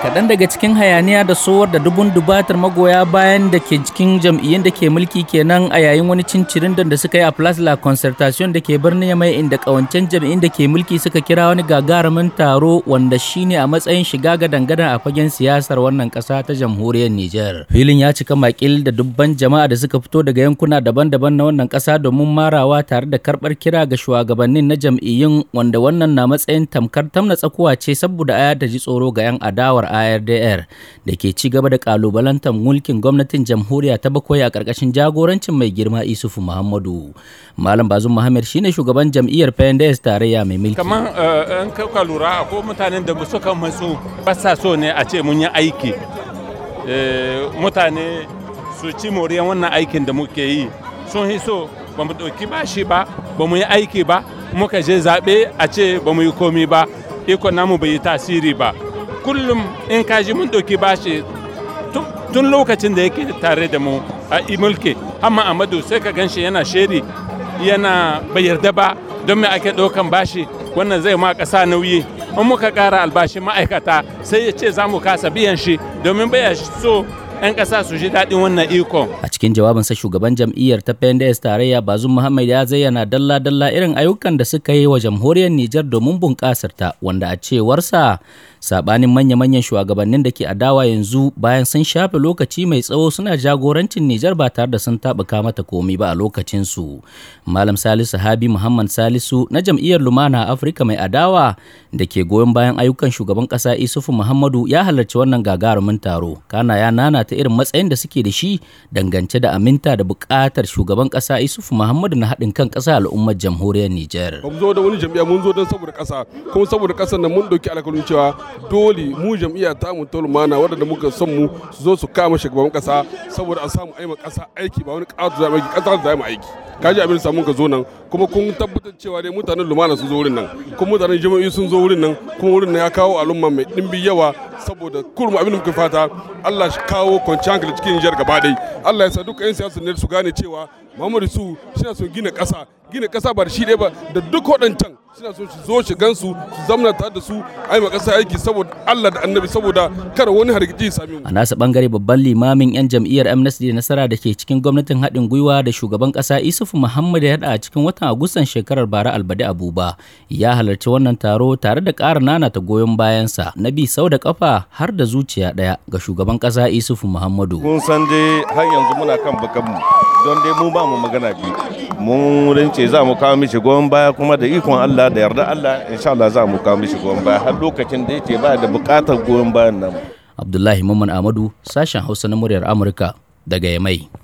kaɗan daga cikin hayaniya da sowar da dubun dubatar magoya bayan da ke cikin jam'iyyun da ke mulki kenan a yayin wani cincirin da suka yi a place la concertation da ke birnin yamai inda kawancen jam'iyyun da ke mulki suka kira wani gagarumin taro wanda shine a matsayin shiga ga dangana a fagen siyasar wannan kasa ta jamhuriyar Nijar. Filin ya cika makil da dubban jama'a da suka fito daga yankuna daban-daban na wannan ƙasa domin marawa tare da karɓar kira ga shugabannin na jam'iyyun wanda wannan na matsayin tamkar tamna tsakuwa ce saboda aya da ji tsoro ga 'yan adawar ardr da ke ci gaba da kalubalantar mulkin gwamnatin jamhuriya ta bakwai a ƙarƙashin jagorancin mai girma isufu muhammadu malam bazum muhammad shine shugaban jam'iyyar pnds tarayya mai mulki kamar eh, in ka lura ko mutanen da suka matsu ba sa so ne a ce mun yi aiki eh, mutane su ci moriyan wannan aikin da muke yi sun yi so ba mu ɗauki bashi ba ba mu yi aiki ba muka je zaɓe a ce ba mu yi komi ba iko namu bai yi tasiri ba kullum in kaji mun ɗauki bashi tun lokacin da yake tare da mu a mulki amma amadu sai ka ganshi yana sheri yana bai yarda ba don me ake ɗaukan bashi wannan zai ma ƙasa nauyi in muka ƙara albashin ma'aikata sai ya ce za mu kasa biyan shi domin baya so 'yan ƙasa su ji daɗin wannan ikon. cikin jawabinsa shugaban jam'iyyar ta pnds tarayya bazum muhammad ya zayyana dalla-dalla irin ayyukan da suka yi wa jamhuriyar nijar domin bunƙasar ta wanda a cewarsa sabanin manya-manyan shugabannin da ke adawa yanzu bayan sun shafe lokaci mai tsawo suna jagorancin nijar ba tare da sun taɓuka mata komi ba a lokacinsu malam salisu habi muhammad salisu na jam'iyyar lumana afirka mai adawa da ke goyon bayan ayyukan shugaban ƙasa isufu muhammadu ya halarci wannan gagarumin taro kana ya nana ta irin matsayin da suke da shi dangane amince da aminta da buƙatar shugaban ƙasa Isufu Muhammadu na haɗin kan ƙasa al'ummar jamhuriyar Nijar. Ba mu zo da wani jam'iyya mun zo don saboda ƙasa kuma saboda ƙasar nan mun ɗauki alƙalin cewa dole mu jam'iyya ta mu tolu mana wadanda muka son mu su zo su kama shugaban ƙasa saboda a samu aima ƙasa aiki ba wani ƙatu za mu aiki ƙasa za mu aiki. Kaji abin samun ka zo nan kuma kun tabbatar cewa dai mutanen lumana sun zo wurin nan kuma mutanen jami'i sun zo wurin nan kuma wurin nan ya kawo al'umma mai ɗimbi yawa saboda kurum abin da muke fata Allah shi kawo kwanciyar hankali cikin Nijar gaba dai Allah ya sa duka 'yan siyasa ne su gane cewa Muhammadu Su shi son gina ƙasa gina kasa ba da shi ɗaya ba da duk waɗancan suna so su zo shi gansu su zamna tare da su a yi aiki saboda Allah da annabi saboda kar wani hargitsi ya same A nasa bangare babban limamin 'yan jam'iyyar Amnesty da nasara da ke cikin gwamnatin haɗin gwiwa da shugaban kasa Isufu Muhammad ya haɗa a cikin watan Agustan shekarar bara Albade Abuba ya halarci wannan taro tare da ƙara ta goyon bayansa na bi sau da kafa har da zuciya ɗaya ga shugaban kasa Isufu Muhammadu. Mun san dai har yanzu muna kan bakanmu don dai mu ba mu magana biyu. mun rince za mu kawo mishi goyon baya kuma da ikon Allah da yarda Allah insha Allah za mu kawo mishi goyon baya har lokacin da yake ba da bukatar goyon bayan nan Abdullahi Muhammad Amadu sashen Hausa na muryar Amurka daga Yamai